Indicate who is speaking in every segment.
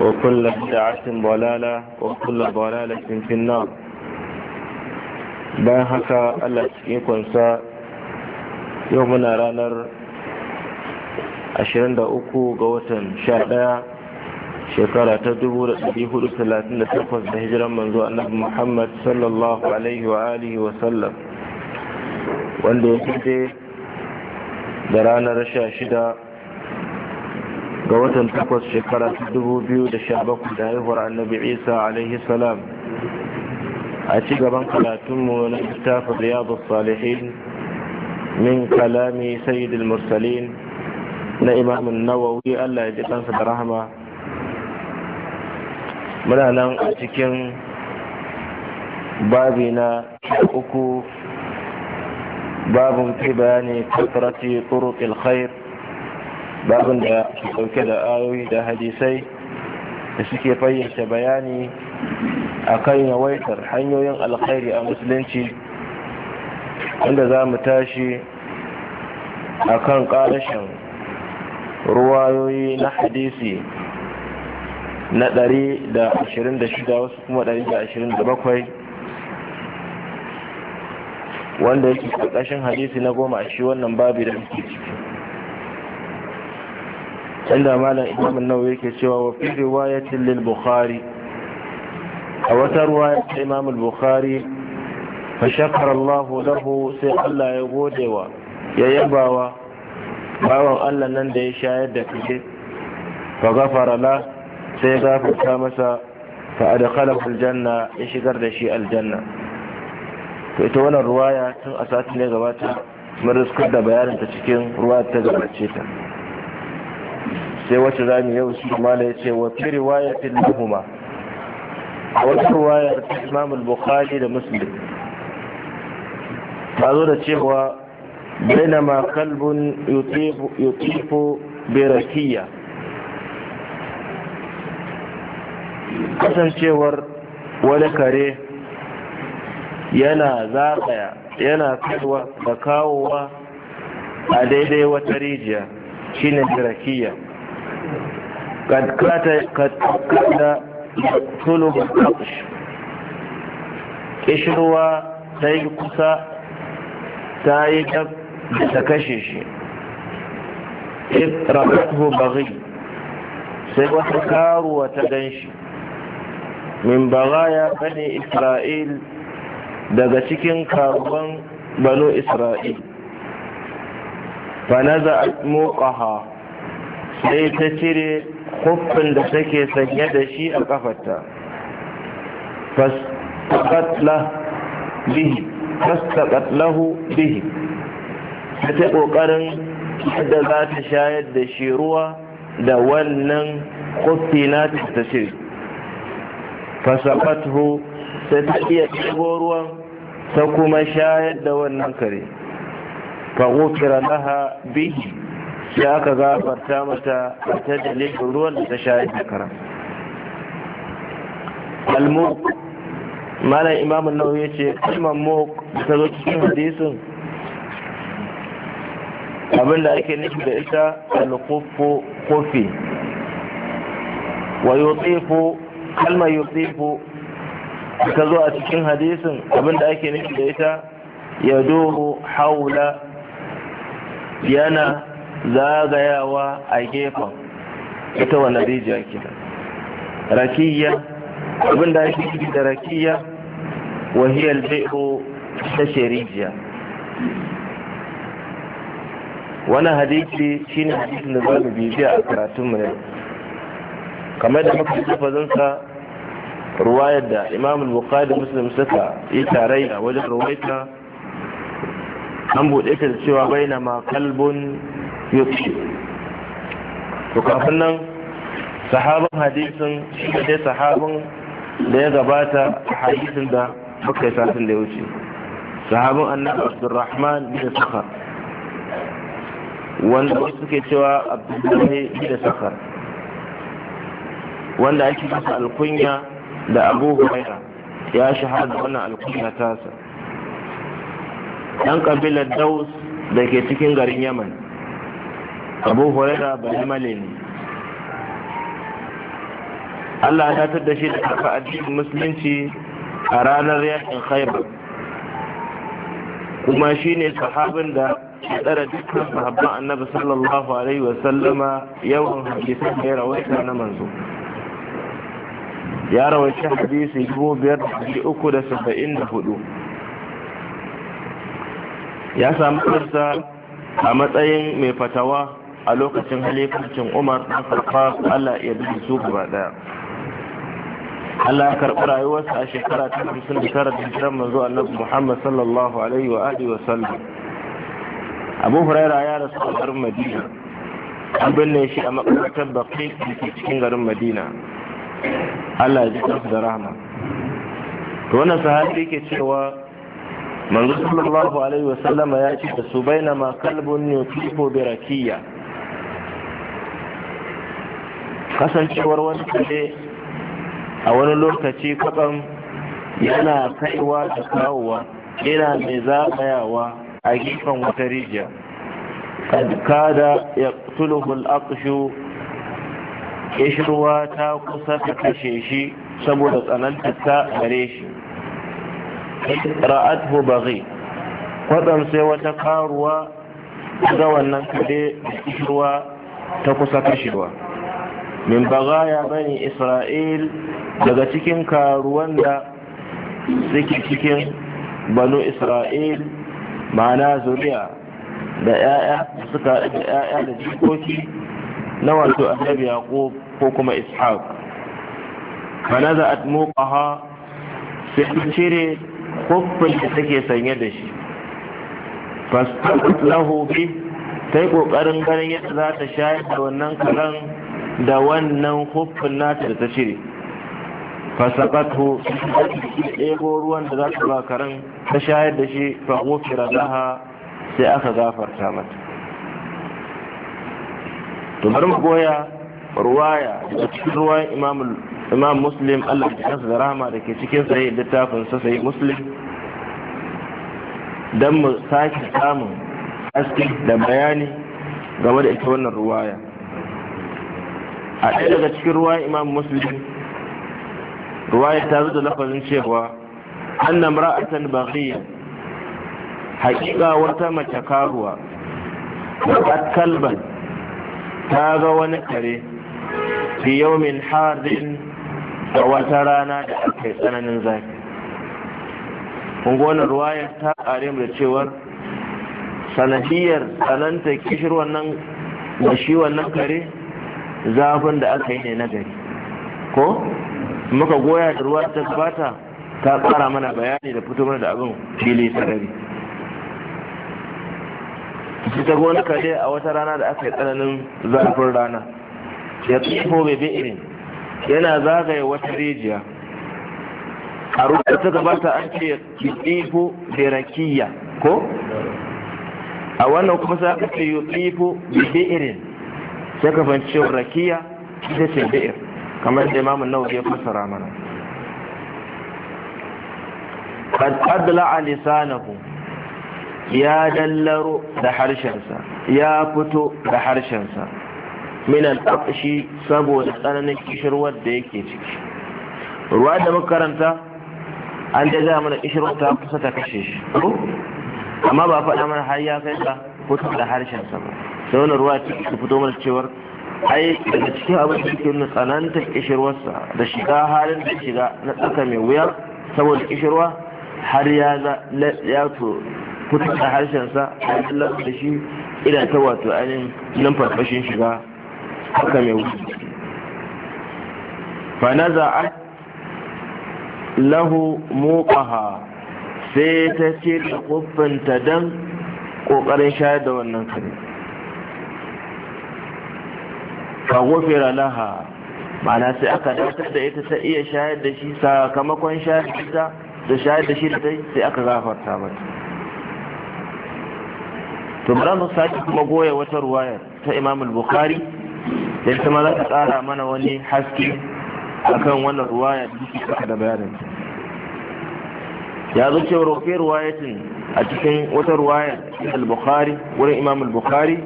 Speaker 1: وكل بدعة ضلالة وكل ضلالة في النار bayan haka Allah cikin kunsa yau muna ranar 23 ga watan 11 shekara ta 1438 da hijiran manzo annabi Muhammad sallallahu alaihi wa alihi wa wanda ya fite da ranar sha shida. ga watan takwas shekara ta dubu biyu da sha bakwai da haihuwar annabi isa alaihi salam a ci gaban karatunmu na littafin riyadu salihin min kalami sayyidul mursalin na imamin nawawi allah ya ji kansa da rahama muna nan a cikin babi na uku babin fi bayani kasrati turuqil khair babin da ke dauke da ayoyi da hadisai da suke fayyace bayani a kan yawaitar hanyoyin alkhairi a musulunci wanda za mu tashi a kan ƙarashin ruwayoyi na hadisi na 126 wasu kuma 127 wanda yake ƙarƙashin hadisi na goma a shi wannan babi da muke ciki inda malam imam nawawi yake cewa wa fi riwayatin lil bukhari a wata ruwaya ta imam bukhari fa shakara Allah lahu sai Allah ya gode wa ya yabawa bawan Allah nan da ya shayar da kake fa ghafara la sai gafarta masa fa adkhalahu aljanna ya shigar da shi aljanna to ita wannan ruwaya tun a sati ne gabata mun riskar da bayanin ta cikin ruwa ta gabace ta sai wacce za mu yau shi mala ya ce wa fi riwayatin lahuma a wata ta imam al-bukhari da muslim ta zo da cewa ma kalbun yutifu birakiya kasancewar wani kare yana zaɓaya yana kaiwa da kawowa a daidai wata rijiya shine birakiya قد كاد قد كاد kishirwa ta yi kusa ta yi ta kashe shi rabatuhu baghi sai wata karuwa ta gan shi min bagaya bane isra'il daga cikin karuwan banu isra'il fa naza muqaha sai ta cire kufin da take sanye da shi a kafarta fastaƙat lahu bihi ta ta ƙoƙarin yadda za ta shayar da shi ruwa da wannan kufi na ta ce fasaƙathu sai ta iya ɗigo ruwan ta kuma shayar da wannan kare fa laha bihi sai aka gafarta mata a ta dalilin ruwan da ta sha shekara al-muk malam imamun nau ya ce kalmar muk ta zo cikin hadisin abinda ake nufi da ita alkufu kofi wa yutsifu kalmar yutsifu ta zo a cikin hadisin abinda ake nufi da ita ya doho haula yana zagayawa a gefen ita wannan rijiya kenan rakiya abin da ake da rakiya wahiyar bai'o ta rijiya wani hadisi shine hadisin da za mu bibiya a karatun mu ne kamar da muka tafa sa ruwayar da imam bukhari da muslim suka yi tarayya wajen ruwaita an buɗe ta da cewa baina ma kalbun ya kushe to kafin nan sahabin hadisin shi da dai sahabin da ya gabata hadisin da muka yi satin da ya wuce sahabin annabi abdurrahman bin sakhar wanda wasu suke cewa abdullahi bin sakhar wanda ake masa alkunya da abu huraira ya shahara wannan alkunya tasa dan kabilar daus da ke cikin garin yaman abu huraira balimale ne allah ya tattar da shi da kafa addinin musulunci a ranar yakin khaibar kuma shi ne sahabin da ya tsara dukkan sahabban annabi sallallahu alaihi wasallama yawan hadisan da ya rawaita na manzo ya rawaita hadisi dubu biyar da uku da saba'in da hudu ya samu kansa a matsayin mai fatawa a lokacin halifacin umar ɗan farfa allah ya bi su gaba ɗaya allah ya karɓi rayuwarsa a shekara ta hamsin da tara da jiran manzo annabi muhammad sallallahu alaihi wa alihi wa sallam abu huraira ya rasu a garin madina an binne shi a makarantar baƙi da cikin garin madina allah ya ji kansu da rahama to wannan sahabi yake cewa manzo sallallahu alaihi wa sallama ya ce da su bainama kalbun yutifu bi rakiya kasancewar wani kare a wani lokaci kwatsam yana kaiwa da kawowa yana mai zagayawa a gefen wata rijiya kad kada ya tuluhul aqshu ta kusa ta kashe shi saboda tsananta ta gare shi ra'athu bazi kwatsam sai wata karuwa ga wannan kare da ta kusa kashewa min bagaya bani isra'il daga cikin karuwan da suke cikin banu isra'il ma'ana zuriya da 'ya'ya suka da 'ya'ya da jikoki na wato annabi yaqub ko kuma ishaq fanaza'at muqaha sai cire kuffin da take sanye da shi fastaqat lahu bi sai kokarin ganin yadda za ta shayar da wannan karan da wannan huffin nata da ta cire fasaqathu ɗebo ruwan da za ta ba karen ta shayar da shi fa ghufira laha sai aka gafarta mata to bari mu goya ruwaya da cikin ruwayan imam muslim Allah ya kansa da rahama da ke cikin sai littafin sa muslim dan mu sake samun aski da bayani game da ita wannan ruwaya a ɗaya daga cikin ruwa imam muslim ruwaya ta zo da lafazin cewa anna mar'atan baghiya haƙiƙa wata mace karuwa da kalban ta ga wani kare fi min harin da wata rana da aka yi tsananin zafi kun wannan ta ƙare da cewar sanadiyar tsananta kishir wannan da shi wannan kare zafin da aka yi ne na gari ko muka goya da ruwa ta gabata ta tsara mana bayani da fito mana da abin fili sarari shi ta gona kare a wata rana da aka yi tsananin zafin rana ya tsifo bai irin yana zagaye wata rijiya a ruwa ta gabata an ce tsifo berakiya ko a wannan kuma sa aka ce tsifo bi irin sai ka fahimci rakiya ita ce bi'ir kamar da imamun nawawi ya fassara mana
Speaker 2: qad adla'a
Speaker 1: lisanahu ya dallaro da harshensa ya fito da harshensa min al-aqshi saboda tsananin kishirwar da yake ciki ruwa da makaranta an da za mana kishirwar ta kusa ta kashe shi
Speaker 2: amma ba faɗa mana
Speaker 1: har ya kai ka fito da harshen sa ba sai wani ruwa ta fito mana cewar ai daga cikin abin da yake nuna tsananta kishirwarsa da shiga halin da shiga na tsaka mai wuya saboda kishirwa har ya ya to fito da harshen sa a da shi ina ta wato ainihin nan farfashin shiga haka mai wuya fa naza'at lahu muqaha sai ta ce da kufanta dan kokarin shayar da wannan kare fa laha mana sai aka dace da ita ta iya shayar da shi sakamakon shayar da ita da shayar da shi da tai sai aka gafarta mata to bari mu sake kuma goya wata ruwayar ta Imam bukhari da ita ma za ta tsara mana wani haske akan wannan ruwaya da take da bayanin ya zo cewa fi ruwayatin a cikin wata ruwaya al-bukhari wurin imam al-bukhari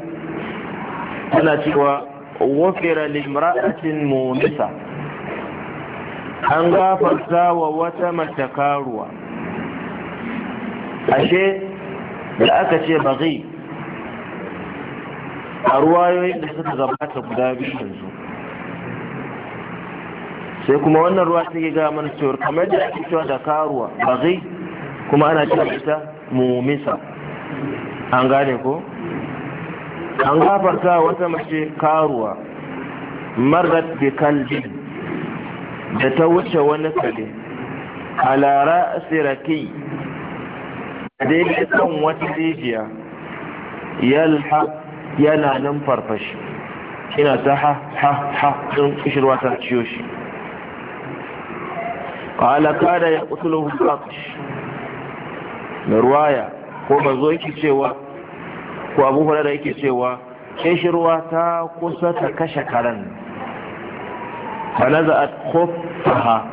Speaker 1: tana cewa wafira limra'atin munisa an gafarta wa wata mace karuwa ashe da aka ce bazai a ruwayoyin da suka gabata guda biyu yanzu sai kuma wannan ruwa ta ga mana cewar kamar da ake cewa da karuwa bazai kuma ana cewa ita mumisa an gane ko an gafarta wata mace karuwa marar bi kalbi da ta wuce wani kare a lara siraki a daidai kan wata rijiya yalha yana nan farfashi ina ta ha ha ha ɗin kishirwa ta ciyo shi ƙala ƙada ya ƙutulun hukakushi na ruwaya ko manzo yake cewa ko abu da yake cewa kishirwa ta kusa ta kashe karen a khuffaha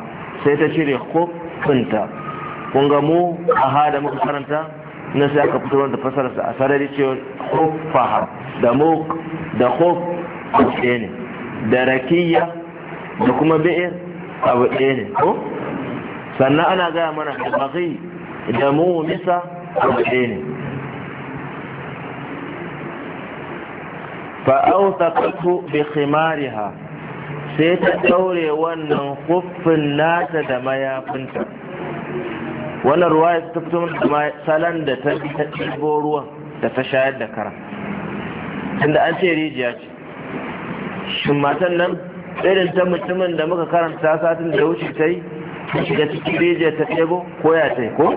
Speaker 1: sai ta cire kofinta, kun ga mu aha da muka karanta na sai aka fito wanda fasararsa a sarari cewa khuffaha da muk da kof ne da rakiya da kuma bi'ir abu ɗaya ne ko sannan ana gaya mana da da mu nisa arba'in ne fa'autakatu bi ha, sai ta daure wannan kuffin nata da mayafinta wannan ruwa ta fito da salan da ta ta ɗibo ruwan da ta shayar da kara tunda an ce rijiya ce shin matan nan irin ta mutumin da muka karanta satin da wuce ta yi ta shiga cikin rijiyar ta ɗebo ko ya ta ko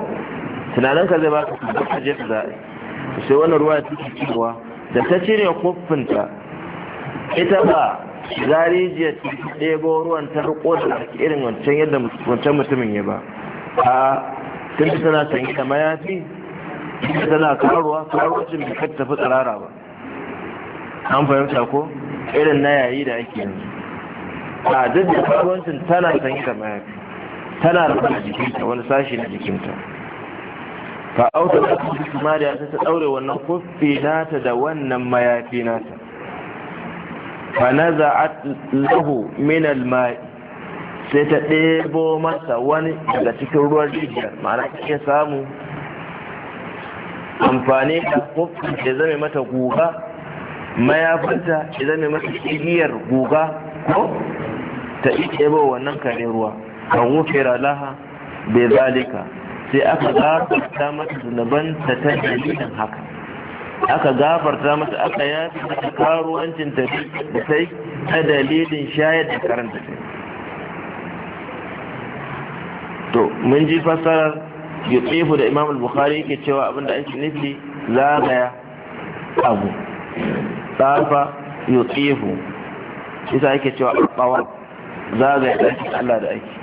Speaker 1: tunanin ka zai baka kuma ka je za a sai wannan ruwa ta cewa da ta cire kofinta ita ba shiga rijiyar ta ɗebo ruwan ta riko da irin wancan yadda wancan mutumin ya ba a tun tana sanyi da mayafi ita tana karuwa karuwacin bai kai tafi tsirara ba an fahimta ko irin na yayi da ake yanzu a duk da karuwancin tana sanyi da mayafi tana rufe a jikinta wani sashi na jikinta fa auta da kuma kimariya ta daure wannan kuffi nata da wannan mayafi nata fa naza'at lahu min al-ma'i sai ta ɗebo masa wani daga cikin ruwan rijiya ma'ana ta samu amfani da kofi da zame mata guga mayafinta ya zame mata igiyar guga ko ta ɗebo wannan kare ruwa fa ghufira laha bi zalika sai aka gafarta mata zunubanta ta ta dalilin haka aka gafarta mata aka yafi da karuwancin ta da ta yi ta dalilin shayar da karanta sai. to mun ji fassarar yutsifu da imam al-bukhari yake cewa abinda ake nufi zagaya abu tsafa yutsifu isa yake cewa ɓawar zagaya ɗakin allah da ake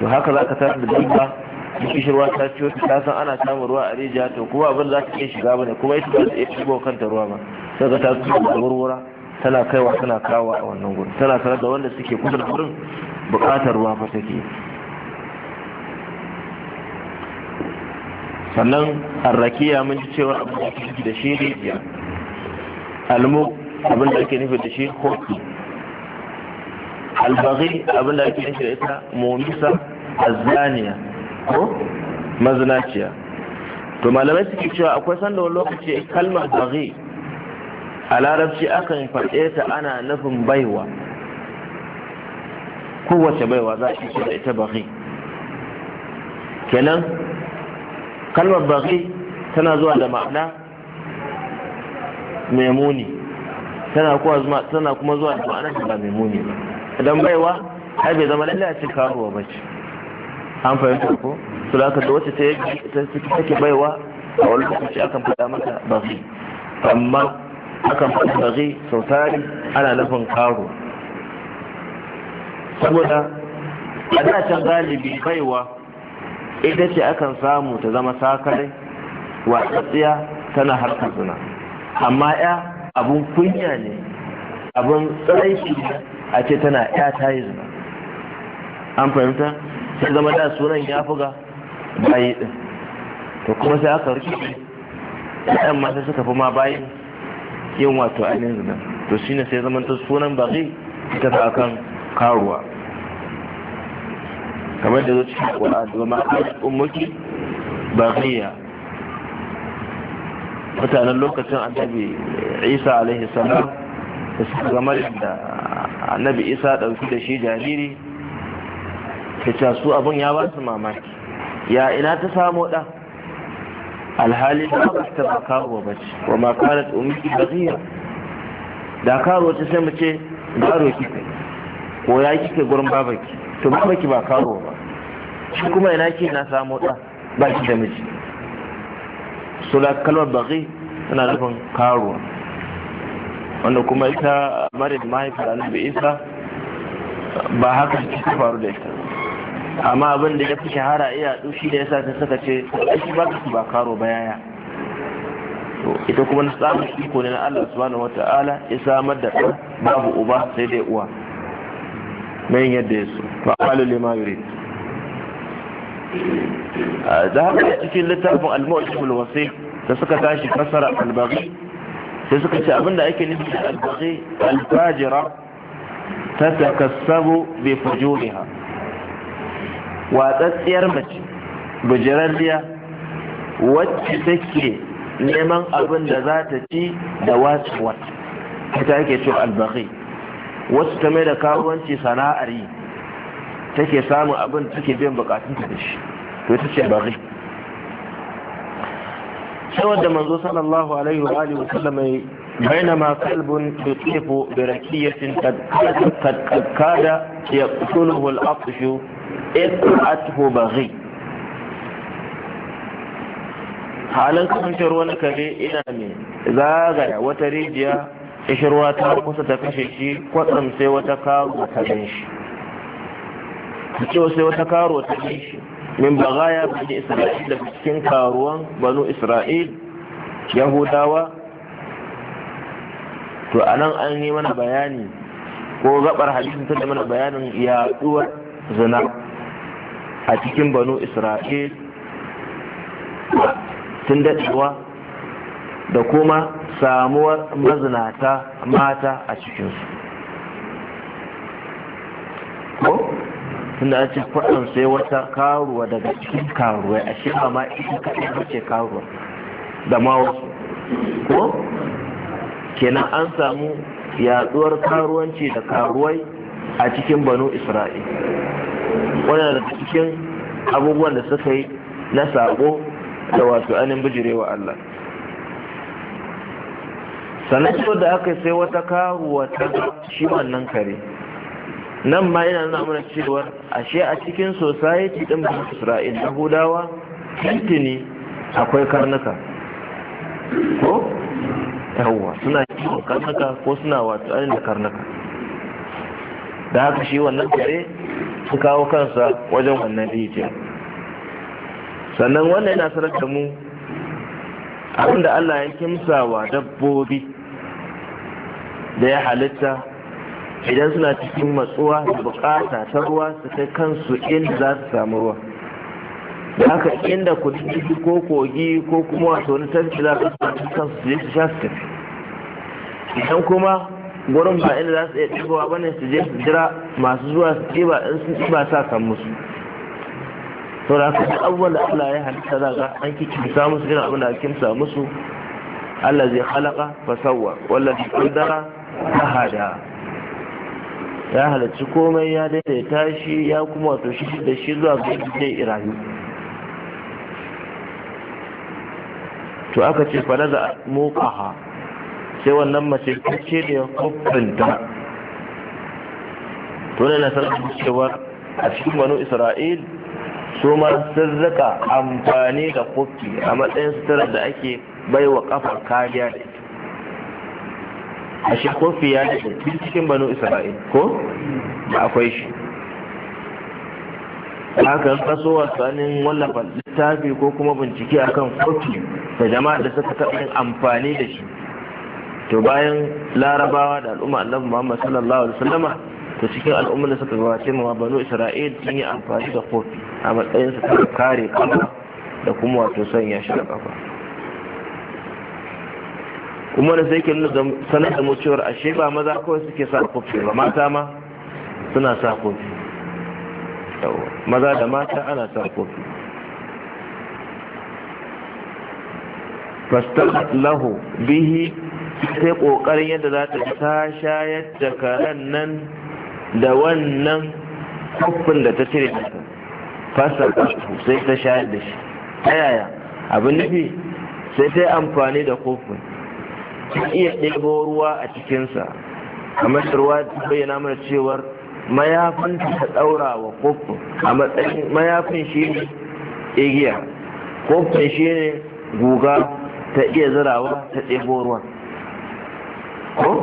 Speaker 1: to haka za ka tafi da dabba in kishirwa ta ciyo ta san ana samun ruwa a rijiya to kuma abin za ta iya shiga ba ne kuma ita ba ta iya shigo kanta ruwa ba sai ka ta da wurwura tana kaiwa tana kawo a wannan gurin tana sanar da wanda suke kusa da gurin buƙatar ruwa fa take sannan arrakiya mun ji cewa abin da ake nufi da shi rijiya almu abin da ake nufi da shi hoki albaghi abin da ake nufi da ita mumisa azzaniya ko mazinaciya to malamai suke cewa akwai sanda wani lokaci kalmar baghi a larabci akan faɗe ta ana nufin baiwa kowace baiwa za a ce da ita baghi kenan kalmar baghi tana zuwa da ma'ana mai muni tana kuma zuwa da ma'ana da ba mai muni ba dan baiwa ai bai zama lallai a cikin karuwa ba ce an fahimta ko su da aka da wacce ta take baiwa a wani lokaci akan fada mata ba zai amma akan fada ba zai sau tari ana nufin karuwa saboda a da can galibi baiwa ita ce akan samu ta zama sakare watsatsiya tana harkar suna. amma ya abun kunya ne abun tsaraiki ne a ce tana ya ta yi zina an fahimta sai zama da sunan ya fuga bayi din to kuma sai aka rike ɗan mata suka fi ma bayi yin wato ainihin zina to shine sai zama ta sunan baki ita ta akan karuwa kamar da zai cikin ƙwa'ad wa ma'aikata ummuki baqiya mutanen lokacin annabi isa alaihi salam da suka zama da annabi isa ɗauki da shi jariri ta su abin ya ba su mamaki ya ina ta samo ɗa alhali da ba ta ba kawo ba wa ma kara tsumiki ba ziya da karo ta sai mace karo kika ko ya kike gurin babaki to babaki ba karo ba shi kuma ina ke na samo ɗa ba shi da miji sula kalmar baki tana nufin karuwa wanda kuma ita maryam mahaifar annabi isa ba haka ta faru da ita amma abin da ya fi shahara iya dushi da yasa ta saka ce aiki ba ka ba karo ba yaya to ita kuma na samun iko ne na Allah subhanahu wataala ya samar da ɗan babu uba sai dai uwa mai yadda ya so ba qalu lima yuri da haka cikin littafin al-mu'jamul wasi da suka tashi fasara al-baghi sai suka ce abinda ake nufi da albazi alfajira ta takassabu bi fujuriha watsatsiyar mace bujiralliya wacce take neman abin da za ta ci da wata ita ake cewa albazi wasu ta mai da kawuwanci sana'ar yi take samun abin take biyan bukatunta da shi to ita ce albazi cewar da manzo sallallahu alaihi wa alihi wa sallam mai bainama kalbun tusifu bi rakiyatin kadkada ya qutuluhu al-afshu athu baghi halin kasancewar wani kare ina ne zagaya wata rijiya ishirwa ta kusa ta kashe shi kwatsam sai wata karo ta gan shi sai wata karo ta gan shi min bagaya bani isra'il da cikin karuwan banu isra'il yahudawa to anan an yi mana bayani ko gabar hadisin ta da mana bayanin yaduwar zina a cikin banu isra'il tun daɗewa da kuma samuwar mazinata mata a cikinsu tunda an ce kwaɗan sai wata karuwa daga cikin karuwa a shi ma ita kaɗai ba ce karuwa da ma wasu ko kenan an samu yaduwar karuwanci da karuwai a cikin banu isra'il wannan daga cikin abubuwan da suka yi na sabo da wato anin bijirewa Allah sannan da aka sai wata karuwa ta shi wannan kare nan ma yana nuna mana cewa ashe a cikin society din Isra'il Yahudawa tintini akwai karnuka ko yawa suna kiwon karnuka ko suna wato ainihin da karnuka da haka shi wannan kare su kawo kansa wajen wannan rijiyar sannan wannan yana sarar da mu abinda Allah ya kimsawa dabbobi da ya halitta idan suna cikin matsuwa da bukata ta ruwa su kai kansu inda za su samu ruwa da haka inda kududdufi ko kogi ko kuma wasu wani tafi za su samu kansu su je su sha su tafi idan kuma gurin ba inda za su iya ba bane su je su jira masu zuwa su ba in sun ɗiba sa san musu to da kuma abubuwan da Allah ya halitta za ga an kikimsa musu irin abin da sa musu Allah zai halaka fasawa wallahi kaddara ta hada ya halarci komai ya daidaita shi ya kuma wato shi da shi zuwa ga zai irayu to aka ce fala da ha, sai wannan mace ce da ya hukunta to ne na sarki cewa a cikin wani isra'il su ma sun amfani da kofi a matsayin sutura da ake baiwa kafar kariya da ita a shi kofi ya da cikin banu isra'il ko ba akwai shi haka kaso wasannin wallafa littafi ko kuma bincike akan kofi da jama'a da suka taɓa yin amfani da shi to bayan larabawa da al'umma annabi muhammad sallallahu alaihi wasallama to cikin al'ummar da suka gabace ma banu isra'il sun yi amfani da kofi a matsayin su kare kafa da kuma wato sanya shi da kafa kuma wanda sai ke nuna sanar da mutuwar ashe ba maza kawai suke sa kofi ba mata ma suna sa kofi maza da mata ana sa kofi fastar lahu bihi sai kokarin yadda za ta ta shayar da karen nan da wannan kofin da ta cire ta fasa sai ta shayar da shi ta yaya abin nufi sai ta yi amfani da kofin ka iya ɗebo ruwa a cikinsa kamar ruwa ta bayyana mana cewar mayafin ta ɗaura wa kofin a matsayin mayafin shi ne igiya kofin shi ne guga ta iya zirawa ta ɗebo ruwan ko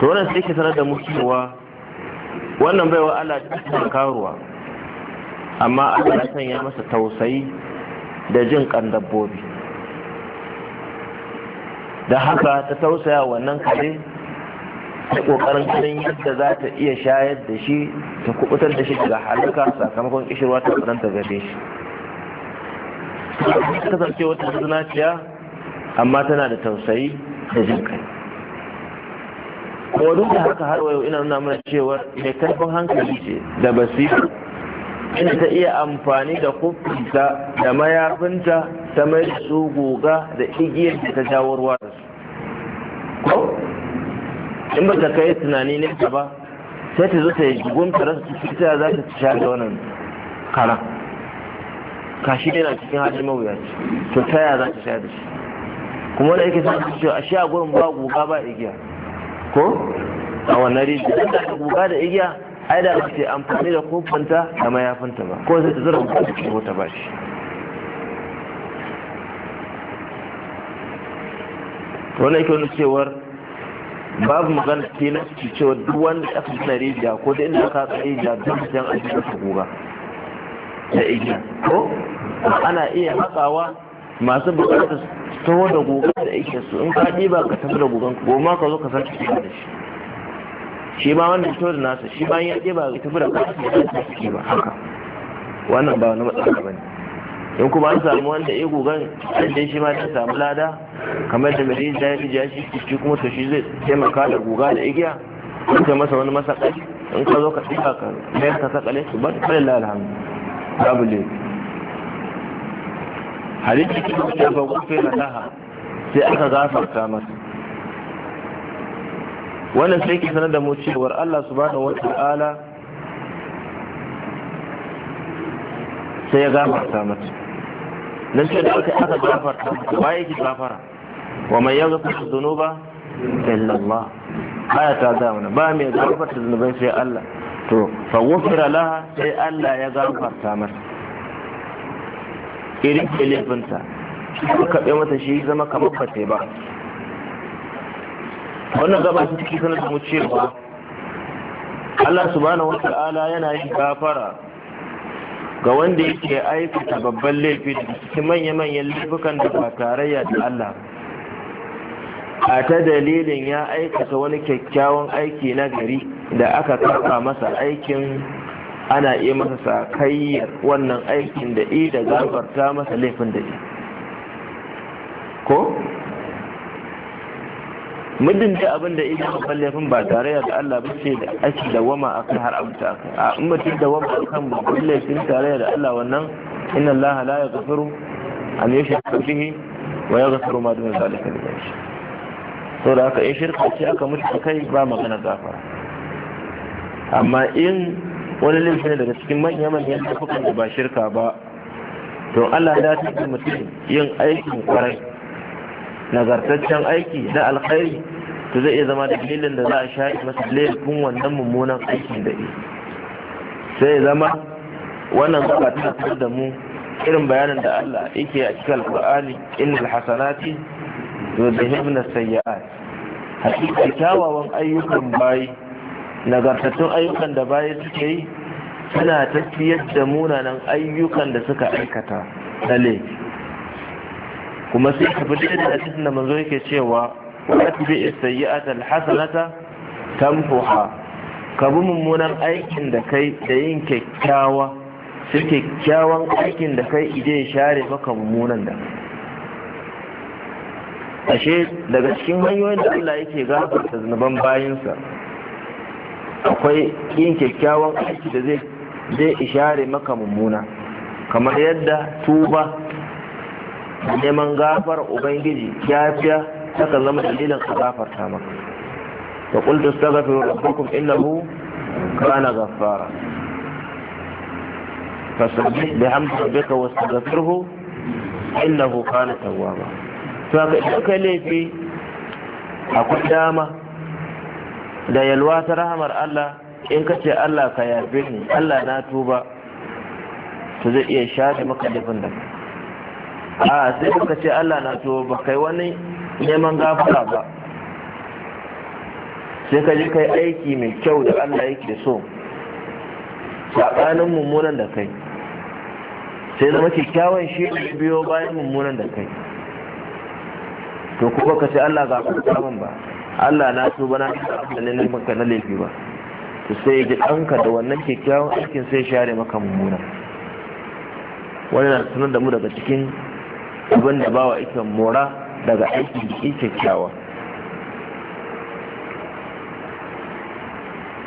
Speaker 1: to wannan sai ke sanar da mu cewa wannan baiwa Allah ta karuwa amma Allah ya sanya masa tausayi da jin kan dabbobi da haka ta tausaya wannan kare ta kokarin ganin yadda za ta iya shayar da shi ta kubutar da shi daga halaka sakamakon kishirwa ta tsananta gare shi ta kasance wata zunaciya amma tana da tausayi da jin kai kuma duk da haka har wayo ina nuna mana cewa mai karfin hankali ce da basira ina ta iya amfani da kufinta da mayafinta ta mai da su goga da igiyar da ta jawarwa da su ko in ba ta kai tunani ne ta ba sai ta zo ta yi gumta rasa fita za ta sha da wannan shi kashi yana cikin hajji mawuyaci to ta yaya za ta sha da shi kuma da yake sanar cewa a sha gurin ba goga ba igiya ko a wannan rijiya da goga da igiya ai da ba amfani da kofanta da mayafinta ba ko sai ta zura ba ko ta bashi wani yake wani cewar babu magana ke na ci cewa duk wanda ya fi na rijiya ko da inda aka tsaye da dukkan ajiyar su goga ta igiya ko ana iya hakawa masu bukatar taho da goga da ake su in ka ɗiba ka tafi da gogan goma ka zo ka san da shi shi ba wanda fito da nasa shi bayan ya je ba tafi da kasu da ciki ba haka wannan ba wani matsala ba ne in kuma an samu wanda ya gogan an shi ma ta samu lada kamar da mai da ya fi ja shi shi kuma to shi zai taimaka da guga da igiya in ka masa wani masakal in ka zo ka tsika ka mayar ka sakale su ba ta kare lalhamu babu laifi hadisi ta fa gufe laha sai aka gafarta masa wannan sai ke sanar da mu cewar Allah subhanahu ala sai ya gafarta mata nan sai da aka aka gafarta mata ba yake gafara wa mai ya gafarta zunuba illa Allah aya ta da mana ba mai gafarta zunuban sai Allah to fa wufira laha sai Allah ya gafarta mata irin laifinta ka kaɓe mata shi zama kamar ba wannan gaba ciki sanar da mu cewa Allah subhanahu wa ta'ala yana yin gafara ga wanda yake aikata babban laifi da cikin manya-manyan laifukan da ba tarayya da Allah a ta dalilin ya aikata wani kyakkyawan aiki na gari da aka karfa masa aikin ana iya masa sakayyar wannan aikin da i da gafarta masa laifin da ita muddin dai abin da ita babban laifin ba tare da Allah ba ce da ake dawama a kan har abuta a in mutum wama a kan babban laifin tare da Allah wannan inna Allah la yaghfiru an yushraka bihi wa yaghfiru ma duna zalika ya yasha to da aka in shirka ce aka mutu kai ba magana gafara amma in wani laifin ne daga cikin manyan manyan tafukan da ba shirka ba to Allah ya dace mutum yin aikin kwarai nagartaccen aiki na alkhairi to zai iya zama dalilin da za a sha masa laifin wannan mummunan aiki da sai zama wannan gaba ta da mu irin bayanin da Allah yake a cikin alkur'ani innal hasanati yudhibna sayyi'at hakika kyawawan ayyukan bayi nagartattun ayyukan da bayi suke yi suna tafiyar da munanan ayyukan da suka aikata na laifi kuma sai ka fi da cikin da manzo yake cewa wata bi as-sayyi'ata al-hasanata ka bi mummunan aikin da kai da yin kyakkyawa sai kyakkyawan aikin da kai ide ya share maka mummunan da ashe daga cikin hanyoyin da Allah yake gafarta zunuban bayinsa akwai yin kyakkyawan aiki da zai zai ishare maka mummuna kamar yadda tuba neman gafar ubangiji ya ta takan zama dalilin a gafarta maka wa qul tastaghfiru rabbakum innahu kana sabbi fasabbih bihamdi rabbika wastaghfirhu innahu kana tawwaba to ka idan kai laifi akwai dama da yalwa ta rahamar Allah in ka ce Allah ka yafe ni Allah na tuba to zai iya shafe maka laifin da ka a sai suka ce Allah na to ba kai wani neman gafara ba sai ka je kai aiki mai kyau da Allah yake so tsakanin mummunan da kai sai zama kyakkyawan shi ne biyo bayan mummunan da kai to kuma ka ce Allah ga kuɗaɗen ba Allah na so bana da ne maka na laifi ba to sai ya ji ɗanka da wannan kyakkyawan aikin sai share maka mummuna wannan sanar da mu daga cikin abin da bawa ita mora daga aikin jiki kyakkyawa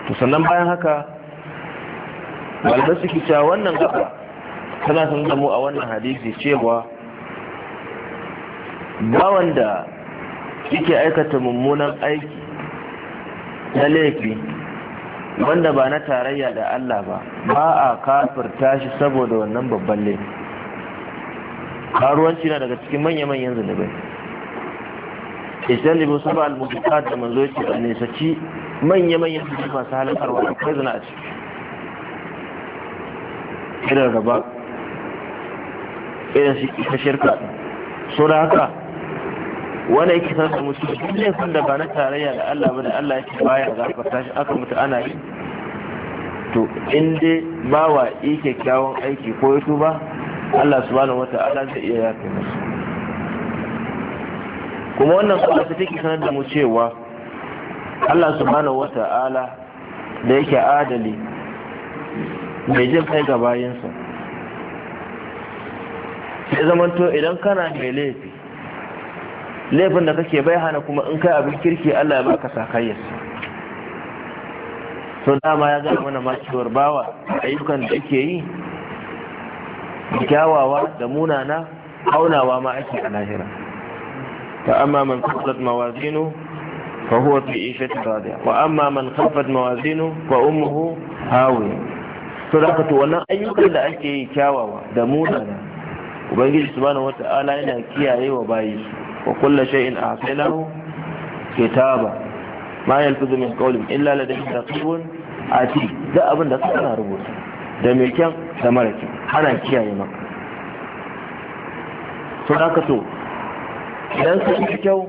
Speaker 1: to sannan bayan haka walda suke cewa wannan gaba tana sun zamo a wannan hadisi cewa bawan da yake aikata mummunan aiki na laifi wanda ba na tarayya da Allah ba ba a kafirta shi saboda wannan babban laifi karuwanci na daga cikin manya-manyan zunubai ishtalibu libu saba al-mubiqat da manzo ce a nesaci manya-manyan zunubai masu halakarwa akwai zina a ciki irin gaba irin shi ta shirka so da haka wani yake san su mutu duk laifin da ba na tarayya da Allah ba da Allah yake baya gafarta shi aka mutu ana yi to in dai wa ike kyawun aiki ko ya tuba Allah subhanahu ta'ala zai iya yafe musu kuma wannan kuma ta take sanar da mu cewa Allah subhanahu ta'ala da yake adali mai jin kai ga bayansa sai zamanto idan kana mai laifi laifin da kake bai hana kuma in kai abin kirki Allah ya baka sakayyarsa to dama ya gaya mana ma cewar bawa ayyukan da ake yi da kyawawa da munana aunawa ma ake a lahira fa amma man khaffat mawazinu fa huwa fi ishati radiya wa amma man khaffat mawazinu fa ummuhu hawi to da ka to wannan ayyukan da ake yi kyawawa da munana ubangiji subhanahu wata'ala yana kiyaye wa bayi wa kullu shay'in ahsaynahu kitaba ma yalfizu min qawlin illa ladayhi raqibun ati da abin da kana rubuta da mai kyan da mara kyan ana kiyaye maka to haka to idan ka yi kyau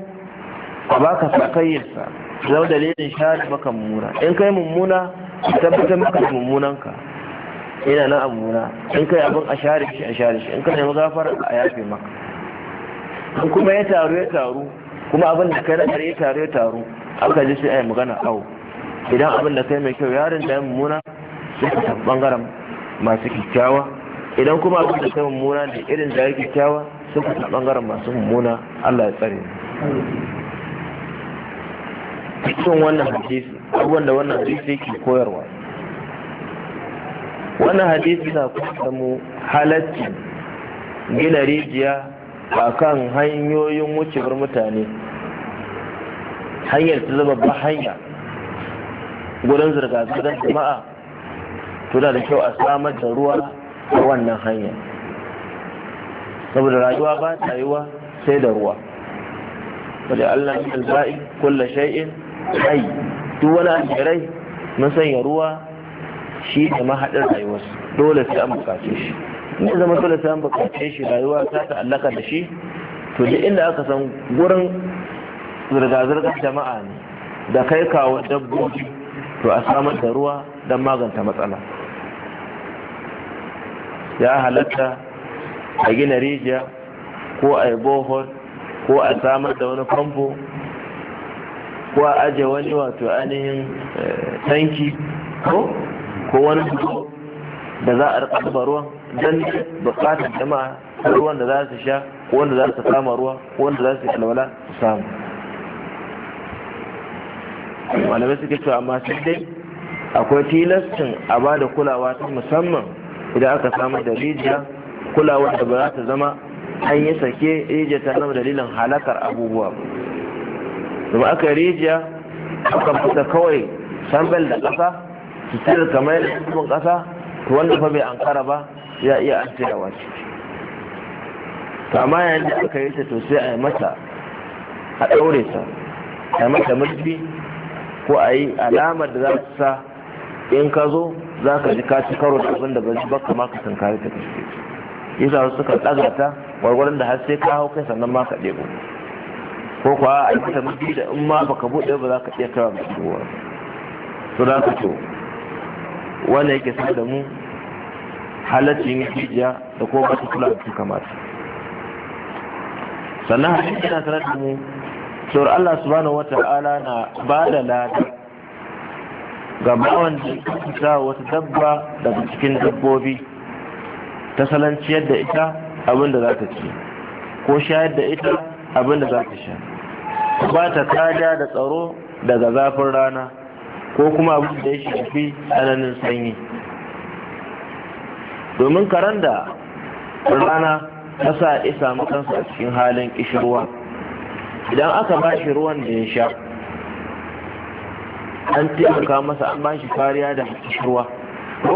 Speaker 1: a baka sakayyarsa zama dalilin share maka mummuna in kai mummuna
Speaker 2: tabbatar maka da
Speaker 1: mummunanka ina nan mummuna, in kai abin a share shi a share shi in ka nemi gafara a yafe maka in kuma ya taru ya taru kuma abin da kai na ya taru ya taru aka ji sai a yi magana awo idan abin da kai mai kyau yarin da ya mummuna sai ka tafi bangaren masu kyakkyawa idan kuma abin da ta mummuna da irin da ya kyakkyawa sai ka tafi bangaren masu mummuna Allah ya tsare cikin wannan hadisi abubuwan da wannan hadisi yake koyarwa wannan hadisi na kusa mu halatti gina rijiya a kan hanyoyin wucewar mutane hanyar ta zama ba hanya gudun zirga-zirgar jama'a to da kyau a samar da ruwa a wannan hanya saboda rayuwa ba ta wa sai da ruwa wadda allah min alba'i kulla sha'in, ai duk wani alherai mun sanya ruwa shi da mahaɗin rayuwarsu dole sai an bukace shi in zama dole sai an bukace shi rayuwa ta ta'allaka da shi to duk inda aka san gurin zirga-zirgar jama'a ne da kai kawo dabbobi to a samar da ruwa don maganta matsala ya halatta a gina rijiya ko a yi bohol ko a samar da wani famfo ko a aje wani wato ainihin eh, tanki ko wani fito da za a rikata ruwan don bukatar jama'a ruwan da za su sha ko wanda za su kama ruwa ko wanda za su yi alwala su samu malamai suke cewa amma sai dai akwai tilastin a ba da kulawa ta musamman idan aka samu da rijiya kulawar da ba za ta zama an yi sake rijiya ta zama dalilin halakar abubuwa kuma aka yi rijiya aka fita kawai sambal da ƙasa su tsira kamar yadda su ƙasa to wanda fa bai ankara ba ya iya an wa ciki to amma yayin da aka yi ta to sai a yi mata a ɗaure ta a yi mata murfi ko a yi alamar da za ta sa in ka zo za ka ji ka ci karo da abin da ba ji baka ma ka tunkari ta gaske yasa su suka ɗaga ta gwargwaron da har sai ka hau kai sannan ma ka ɗebo ko kuwa a yi ta mafi da in ma baka buɗe ba za ka iya kawo mai ba to za ka to wanda yake sa da mu yin hijiya da ko ba ta kula da kamata sannan hajji yana sanar da mu cewar Allah subhanahu wata'ala na ba da lada ga bawan da fita wata dabba daga cikin dabbobi ta salanciyar da ita abin da za ta ci ko shayar da ita abin da za ta sha ba ta kada da tsaro daga zafin rana ko kuma abin da ya shafi tsananin sanyi domin karanda rana ta sa isa makansa a cikin halin kishirwa idan aka ba shi ruwan da ya sha an taimaka masa an ba shi kariya da ruwa ko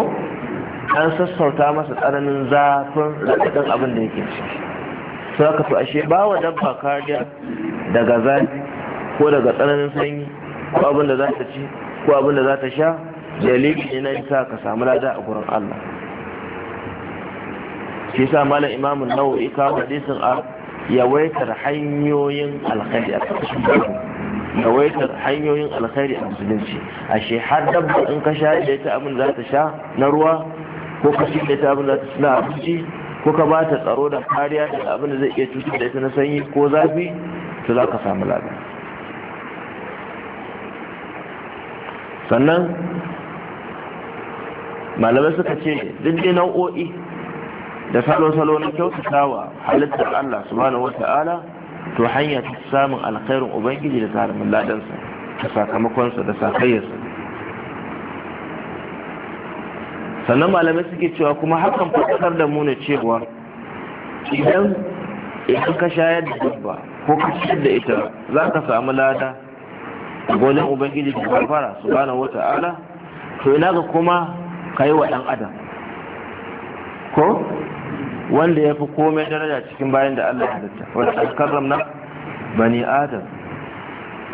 Speaker 1: an sassauta masa tsananin zafin raɗaɗin abin da yake ciki su aka su ashe ba wa dabba kariya daga zafi ko daga tsananin sanyi ko abin da za ta ci ko abin da za ta sha dalilin ne na sa ka samu lada a gurin Allah shi sa malam imamun nawawi kawo hadisin a yawaitar hanyoyin alkhairi a yawaitar hanyoyin alkhairi a musulunci ashe har dabba in ka sha da ta abin za ta sha na ruwa ko ka shi da ta abin za ta sha na abinci ko ka ba ta tsaro da kariya da abin da zai iya cutar da ita na sanyi ko zafi to za ka samu ladan sannan malamai suka ce duk nau'o'i da salo-salo na kyautatawa halittar Allah subhanahu wata'ala to hanya ta samun alkhairin ubangiji da tarihin ladansa da sakamakonsa da sakayyarsa sannan malamai suke cewa kuma hakan fadakar da mu ne cewa idan idan ka shayar da dabba ko ka shayar da ita za ka samu lada gonin ubangiji da farfara subhanahu wata'ala to ina ga kuma ka yi wa dan adam ko wanda ya fi komai daraja cikin bayan da Allah ya halitta wanda karram na bani adam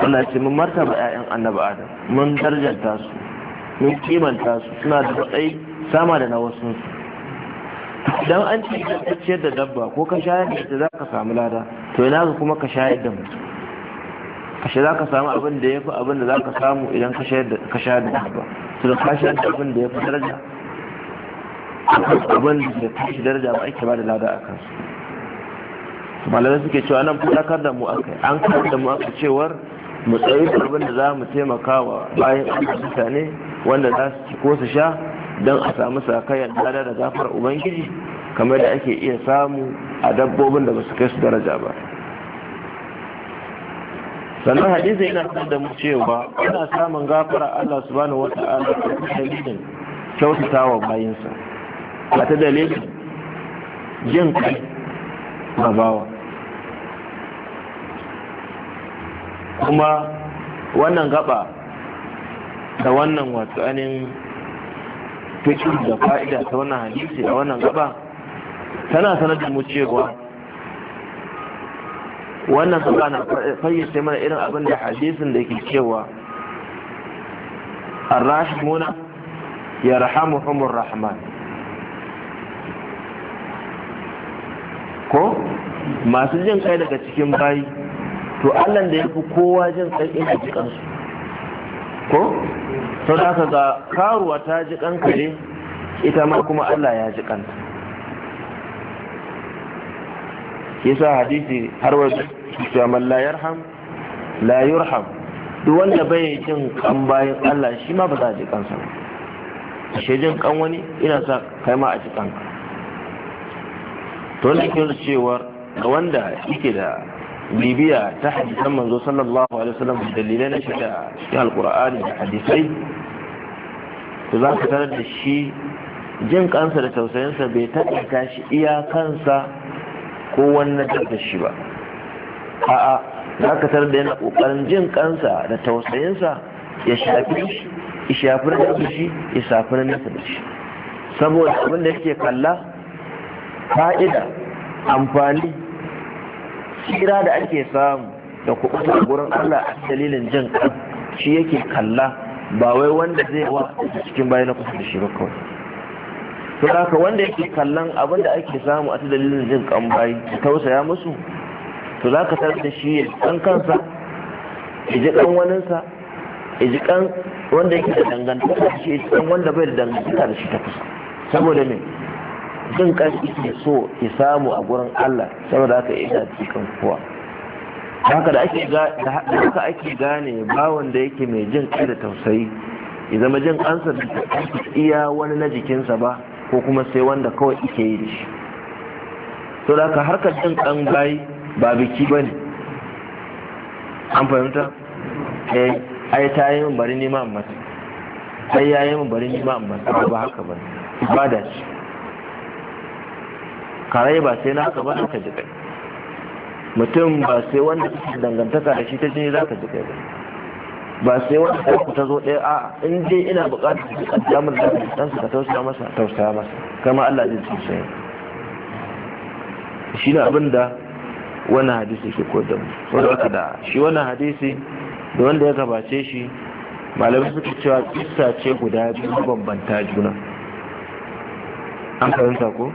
Speaker 1: Allah ce mun martaba ƴaƴan annabi adam mun darjanta su mun kimanta su suna da matsayi sama da na wasu idan an ce ka ciyar da dabba ko ka shayar da ita za ka samu lada to ina ga kuma ka shayar da mutum ashe za ka samu abin da ya fi abin da za ka samu idan ka shayar da dabba to da ka shayar da abin da ya fi daraja abin da ke tashi daraja ba ake ba da lada a kansu malamai suke cewa nan fadakar da mu aka an kar da mu aka cewar mu tsayi abin da za mu taimaka wa bayan mutane wanda za su ci ko su sha don a samu sakayyar lada da gafar ubangiji kamar da ake iya samu a dabbobin da ba su kai su daraja ba sannan hadisi yana kan da mu cewa ana samun gafara Allah subhanahu ta'ala da kyautata kyautatawa bayinsa ba ta dalilin jin kai ba bawa kuma wannan gaba da wannan wato anin fikin da fa'ida ta wannan hadisi a wannan gaba tana sanar da mu cewa wannan gaba na fayyace mana irin abin da hadisin da ke cewa arrahimuna yarhamuhumur rahman ko masu jin kai daga cikin bayi to allan da ya fi kowa jin kai ina jikansu ko sau da ka ga karuwa ta ji kanka ne
Speaker 2: ita ma kuma allah
Speaker 1: ya ji kanta yasa hadisi har wa cewa la yarham la yurham duk wanda bai jin kan bayan allah shi ma ba za a ji kansa ba shi jin kan wani ina sa kai ma a ji kanka to wannan cewar wanda yake da bibiya ta hadisan manzo sallallahu alaihi wasallam da dalilai na shida cikin alqur'ani da hadisai to za ka tarar da shi jin kansa da tausayinsa bai taƙaita shi iya kansa ko wani da shi ba a'a za ka tarar da yana ƙoƙarin jin kansa da tausayinsa ya shafi shi ya shafi da shi ya shafi da shi saboda abin da yake kalla fa'ida amfani tsira da ake samu da da gurin Allah a dalilin jin kan shi yake kalla ba wai wanda zai wa a cikin bayan na kusa da shi ba kawai to haka wanda yake kallon abin da ake samu a dalilin jin kan bayi ta tausaya musu to za ka tarar da shi ya kan kansa ya ji kan waninsa ya ji kan wanda yake da dangantaka shi ya ji kan wanda bai da dangantaka da shi ta kusa saboda me jin kan ke so ya samu a gurin Allah saboda haka ina cikin kowa haka da ake haka ake gane bawon da yake mai jin kai da tausayi ya zama jin ansa da iya wani na jikinsa ba ko kuma sai wanda kawai ike yi da shi to da haka harkar jin kan bayi ba biki ba ne an fahimta eh ai ta yi min bari nema amma sai ya yi min bari nema amma ba haka ba ibada ce karai ba sai naka ba ka ji kai mutum ba sai wanda kake dangantaka da shi ta jini za ka ji kai ba sai wanda ku ta zo ɗaya a in ina buƙatar ka kaddara mun da dan ka tausaya masa tausaya masa kama Allah zai tausaya shi ne abin da wannan hadisi ke koyar da mu saboda haka da shi wannan hadisi da wanda ya gabace shi malamai suke cewa kissa ce guda biyu bambanta juna an fahimta ko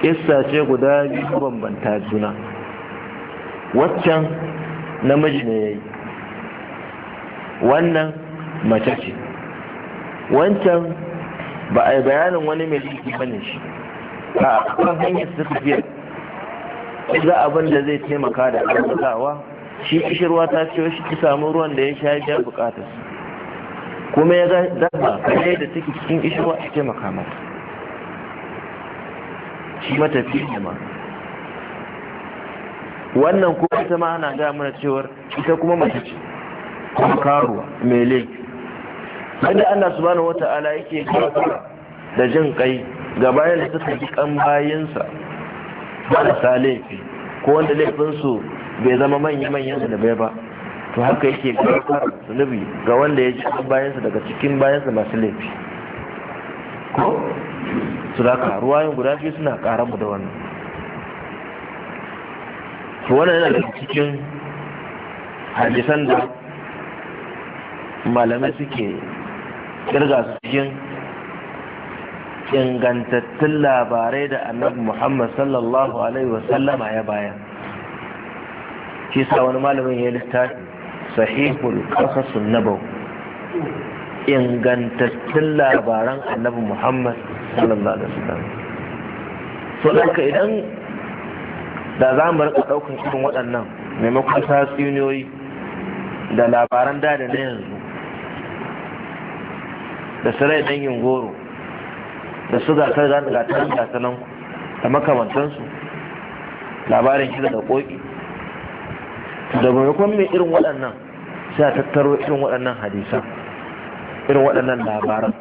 Speaker 1: kissa ce guda biyu bambanta juna waccan namiji ne ya yi wannan mace ce wancan ba a yi bayanin wani mai liki bane shi a kan hanyar su tafiya za abin da zai taimaka da arzikawa shi kishirwa ta ce shi ki samu ruwan da ya sha biya bukatar kuma ya zama kare da take cikin kishirwa a taimaka mata shi matafi ne ma wannan ko ita ma ana gaya mana cewar ita kuma mace ce kuma karuwa mai laifi wanda Allah subhanahu wata'ala yake kafa da jin kai ga bayan da suka ji kan bayansa marasa laifi ko wanda laifinsu bai zama manya manyan da bai ba to haka yake karfar zunubi ga wanda ya ji kan bayansa daga cikin bayansa masu laifi ko su da ka yin guda biyu suna ƙara mu da wannan su wannan yana da cikin hadisan da malamai suke kirga su cikin ingantattun labarai da annabi muhammad sallallahu alaihi wasallama ya bayan shi sa wani malamin ya littafi sahihul kasasun nabau ingantattun labaran annabi muhammad sallallahu alaihi wasallam so haka idan da za mu rika ɗaukan irin waɗannan maimakon tatsuniyoyi da labaran da da na yanzu da sarai yin goro da su gasar da ta gasanan da makamantansu labarin shi da koki da maimakon mai irin waɗannan sai a tattaro irin waɗannan hadisan irin waɗannan labaran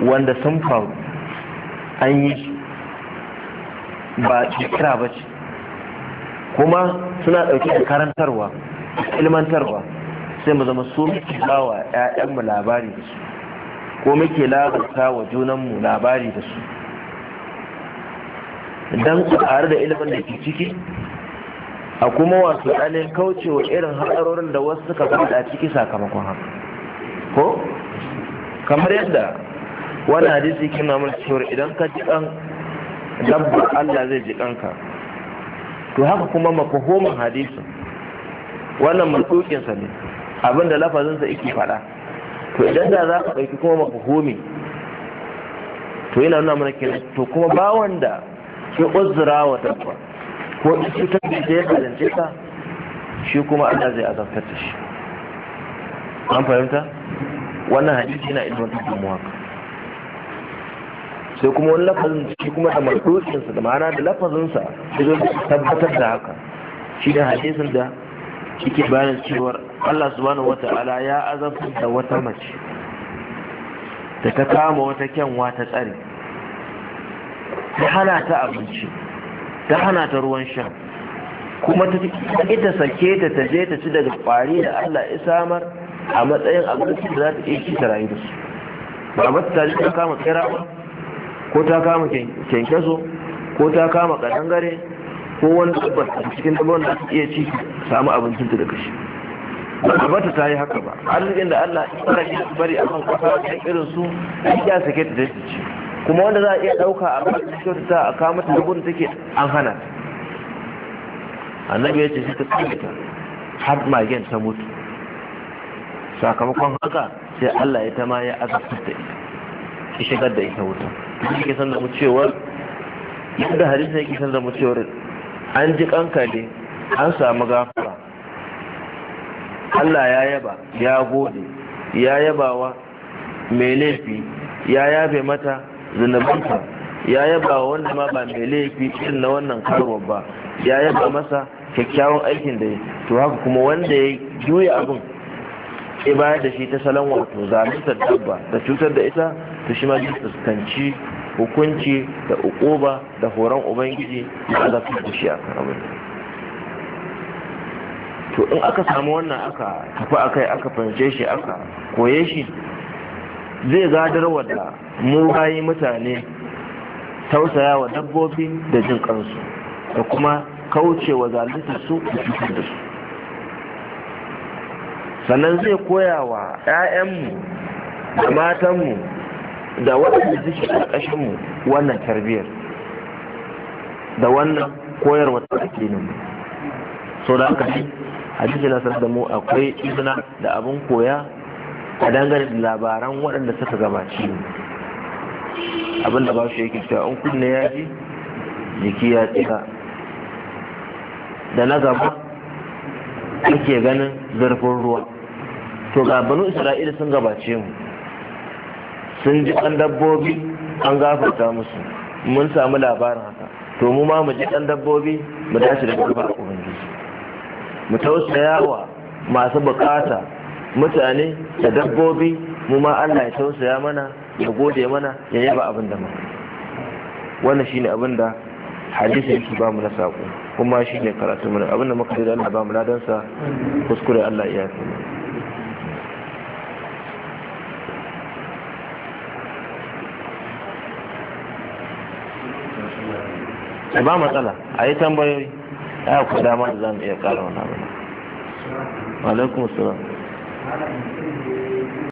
Speaker 1: wanda sun faru an yi ba kira ba ce kuma suna ɗauke da karantarwa ilmantarwa sai mu zama su muke ba wa 'ya'yanmu labari da su ko muke labarta wa junanmu labari da su don tare da ilimin da ke ciki a kuma wasu ɗanin kaucewa irin haɗarorin da wasu suka faɗa ciki sakamakon haka ko kamar yadda wani hadisi ke na mana cewar idan ka ji kan dabba Allah zai ji ɗanka to haka kuma mafahomin hadisin wannan sa ne abinda sa yake faɗa to idan da za ka dauki kuma mafahomi to yana nuna mana kenan to kuma ba wanda ke uzura wa dabba ko in cutar da ta ya kalance ka shi kuma Allah zai azabtar da shi an fahimta wannan hadisi yana ilmin da mu haka sai kuma wani lafazin shi kuma da marɗocinsa da ma'ana da lafazinsa sai zo tabbatar da haka shi da hadisin da yake bayanin cewar Allah subhanahu ala" ya azafi da wata mace da ta kama wata kyanwa ta tsare ta hana ta abinci ta hana ta ruwan sha kuma ta ita sake ta ta je ta ci daga kwari da Allah ya samar a matsayin abincin da za ta iya ci ta rayu da su ba mata ta ta kama tsira ba ko ta kama kyankyaso ko ta kama kadangare ko wani dabbar a cikin dabbar da ta iya ci samu abincin ta daga shi ba mata ta yi haka ba arzikin da Allah ya tsara bari a kan kasa da irin su ya sake ta dace kuma wanda za a iya dauka a kan kyautata a kama ta dabbar da take an hana ta annabi ya ce shi ta tsaya har magen ta mutu sakamakon haka sai Allah ya tama ya azabtar da ita shigar da ita wuta yake san da mu cewar yadda hadisi yake san da mu cewa an ji kankare an samu gafara Allah ya yaba ya gode ya yabawa mai laifi ya yabe mata zunubanta ya yaba wanda ma ba mai laifi irin na wannan karuwa ba ya yaba masa kyakkyawan aikin da ya to haka kuma wanda ya juya abin ya bayar da shi ta salon wato zaluntar dabba da cutar da ita ta shi ma fuskanci hukunci da ukoba da horon ubangiji da azafin da shi a karamin to in aka samu wannan aka tafi akai aka fahimce shi aka koye shi zai gadar da mu bayi mutane tausaya wa dabbobi da jin kansu da kuma kaucewa zaluntar su da cutar da su sannan zai koya wa 'ya'yanmu da matanmu da waɗanda suke ƙashinmu wannan tarbiyyar da wannan koyarwa ta ake nan so da aka shi cikin na da mu akwai izina da abin koya a dangane da labaran waɗanda suka gabaci abin da ba shi yake cewa an kunne ya ji jiki ya tsira da na gaba ake ganin zurfin ruwa to ga banu isra'ila sun gabace mu sun ji ɗan dabbobi an gafarta musu mun samu labarin haka to mu ma mu ji ɗan dabbobi mu dace da karfa a ubangiji mu tausaya wa masu bukata mutane da dabbobi mu ma Allah ya tausaya mana ya gode mana ya yaba abin da mu wannan shine abin da hadisi yake ba mu na sako kuma shi ne karatu mana abinda muka da Allah ba mu dansa kuskure Allah ya fi mu ba matsala a yi tambayoyi ya ku dama da za mu iya kara wani abu alaikum salam